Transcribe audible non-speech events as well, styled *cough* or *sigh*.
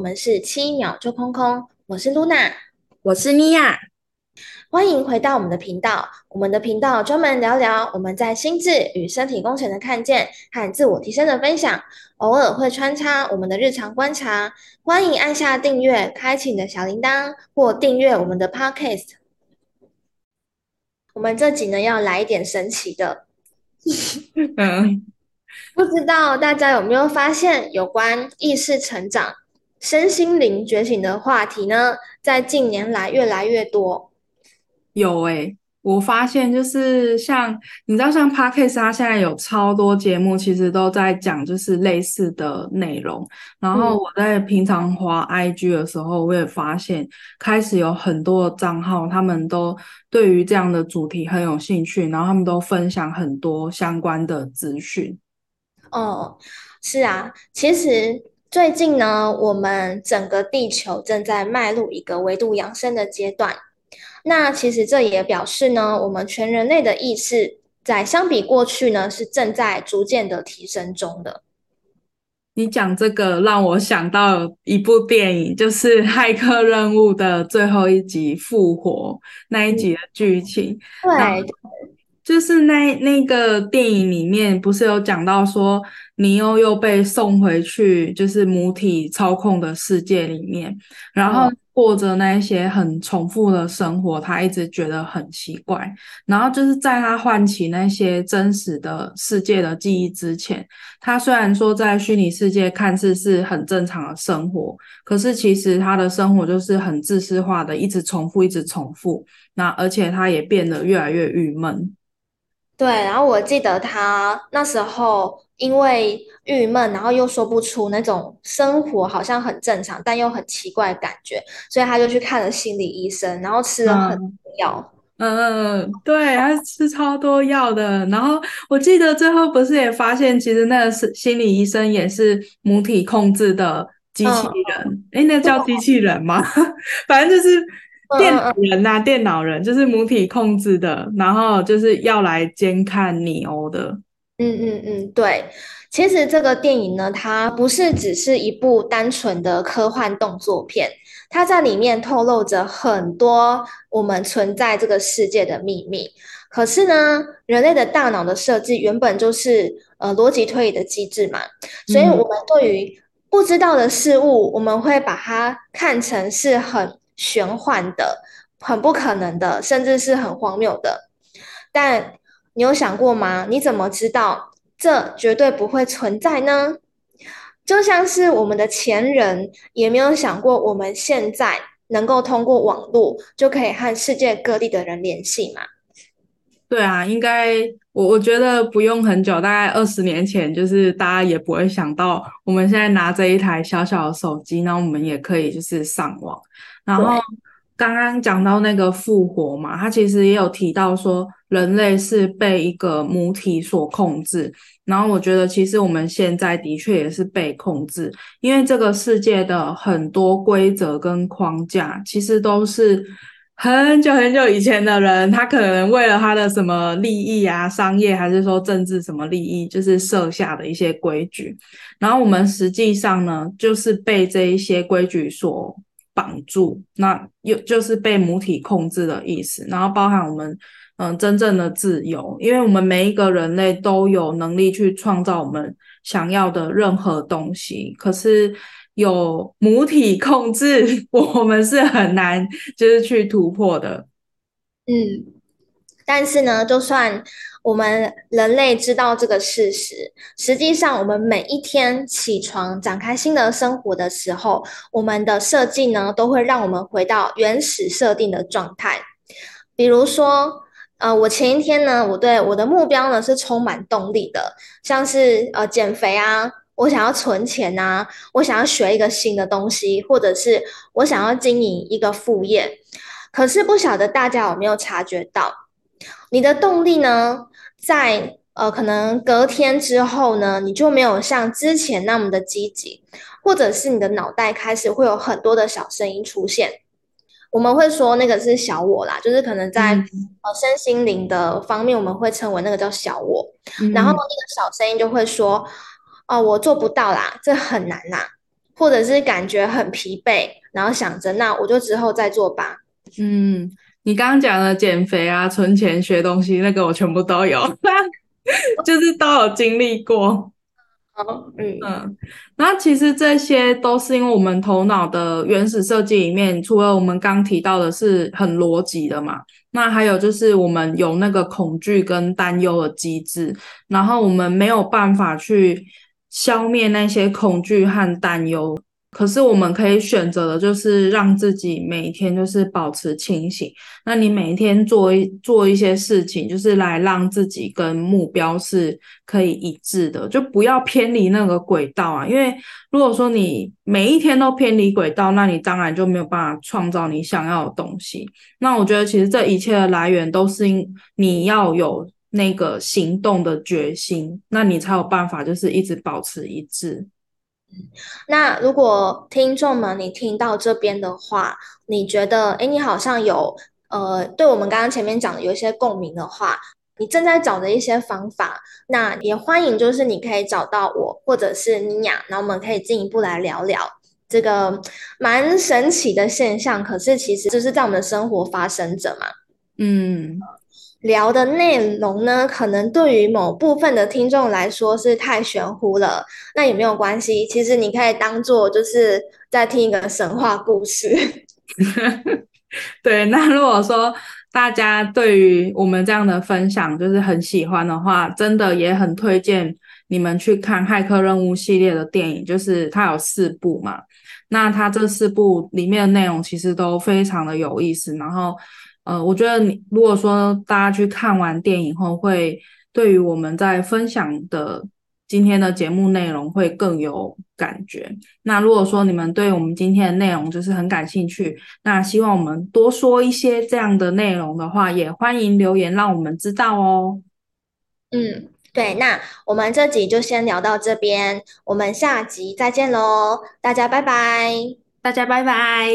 我們是七秒就空空，我是嚕那，我是尼婭。歡迎回到我們的頻道。我們的頻道專門聊聊我們在心智與身體工程的看見和自我提升的分享，偶爾會穿插我們的日常觀察。歡迎按下訂閱，開啟你的小鈴鐺，或訂閱我們的 Podcast。我們這集呢，要來一點神奇的。 *laughs* *laughs* 不知道大家有沒有發現，有關意識成長，身心靈覺醒的話題呢，在近年來越來越多。有誒、欸，我發現就是像你知道，像 Podcast 他現在有超多節目，其實都在講就是類似的內容。然後我在平常滑 IG 的時候，我也發現開始有很多賬號，他們都對於這樣的主題很有興趣，然後他們都分享很多相關的資訊。哦，是啊，其實。最近呢，我們整個地球正在邁入一個維度揚升的階段，那其實這也表示呢，我們全人類的意識在相比過去呢，是正在逐漸的提升中的。你講這個讓我想到一部電影，就是《駭客任務》的最後一集《復活》那一集的劇情。嗯。對。那對就是那那個電影裡面，不是有講到說，尼歐又被送回去，就是母體操控的世界裡面，然後過着那些很重複的生活。嗯。他一直覺得很奇怪。然後就是在他喚起那些真實的世界的記憶之前，他雖然說在虛擬世界看似是很正常的生活，可是其實他的生活就是很自私化的，一直重複，一直重複。重複。那而且他也變得越來越鬱悶。對，然後我記得他那時候因為鬱悶，然後又說不出那種生活好像很正常但又很奇怪的感覺，所以他就去看了心理醫生，然後吃了很多藥，嗯。嗯，對，他吃超多藥的。然後我記得最後不是也發現，其實那個是心理醫生也是母體控制的機器人。哎、嗯，那叫機器人嗎？哇反正就是。電腦人啊，uh, uh, 電腦人就是母體控制的，然後就是要來監看你哦的。嗯嗯嗯，對。其實這個電影呢，它不是只是一部單純的科幻動作片，它在裡面透露着很多我們存在這個世界的秘密。可是呢，人類的大腦的設計原本就是呃邏輯推理的機制嘛，所以我們對於不知道的事物，嗯、我們會把它看成是很玄幻的、很不可能的，甚至是很荒謬的。但你有想過嗎？你怎麼知道這絕對不會存在呢？就像是我們的前人也沒有想過，我們現在能夠通過網絡就可以和世界各地的人聯繫嗎？對啊，應該我我覺得不用很久，大概二十年前，就是大家也不會想到，我們現在拿着一台小小的手機，那我們也可以就是上網。然後剛剛講到那個復活嘛，他其實也有提到說，人類是被一個母體所控制。然後我覺得，其實我們現在的確也是被控制，因為這個世界的很多規則跟框架，其實都是很久很久以前的人，他可能為了他的什麼利益啊、商業還是說政治什麼利益，就是設下的一些規矩。然後我們實際上呢，就是被這一些規矩所。綁住，那又就是被母體控制的意思，然後包含我們嗯、呃、真正的自由，因為我們每一個人類都有能力去創造我們想要的任何東西，可是有母體控制，我們是很難就是去突破的。嗯，但是呢，就算。我們人類知道這個事實。實際上，我們每一天起床展開新的生活的時候，我們的設計呢，都會讓我們回到原始設定的狀態。比如說，呃，我前一天呢，我對我的目標呢是充滿動力的，像是呃減肥啊，我想要存錢啊，我想要學一個新的東西，或者是我想要經營一個副業。可是不曉得大家有沒有察覺到？你的動力呢，在呃可能隔天之後呢，你就沒有像之前那麼的積極，或者是你的腦袋開始會有很多的小聲音出現。我們會說那個是小我啦，就是可能在呃身心靈的方面，我們會稱為那個叫小我。嗯、然後那個小聲音就會說：“哦、呃，我做不到啦，這很難吶，或者是感覺很疲憊，然後想着那我就之後再做吧。”嗯。你剛剛講的減肥啊、存錢、學東西，那個我全部都有， *laughs* 就是都有經歷過。好，嗯嗯，那其實這些都是因為我們頭腦的原始設計裡面，除了我們剛提到的是很邏輯的嘛，那還有就是我們有那個恐懼跟擔憂的機制，然後我們沒有辦法去消滅那些恐懼和擔憂。可是我們可以選擇的，就是讓自己每一天就是保持清醒。那你每一天做一做一些事情，就是來讓自己跟目標是可以一致的，就不要偏離那個軌道啊。因為如果說你每一天都偏離軌道，那你當然就沒有辦法創造你想要的東西。那我覺得其實這一切的來源都是因你要有那個行動的決心，那你才有辦法就是一直保持一致。那如果聽眾們你聽到這邊的話，你覺得誒，你好像有呃，對我們剛剛前面講的有一些共鳴的話，你正在找的一些方法，那也歡迎，就是你可以找到我或者是尼婭，那我們可以進一步來聊聊這個蠻神奇的現象。可是其實就是在我們的生活發生着嘛，嗯。聊的內容呢，可能對於某部分的聽眾來說是太玄乎了，那也沒有關係。其實你可以當做就是在聽一個神話故事。 *laughs* 對，那如果說大家對於我們這樣的分享就是很喜歡的話，真的也很推薦你們去看《駭客任務》系列的電影，就是它有四部嘛。那它這四部裡面的內容其實都非常的有意思，然後。呃，我覺得你如果說大家去看完電影後，會對於我們在分享的今天的節目內容會更有感覺。那如果說你們對我們今天的內容就是很感興趣，那希望我們多說一些這樣的內容的話，也歡迎留言讓我們知道哦。嗯，對，那我們這集就先聊到這邊，我們下集再見嘍，大家拜拜，大家拜拜。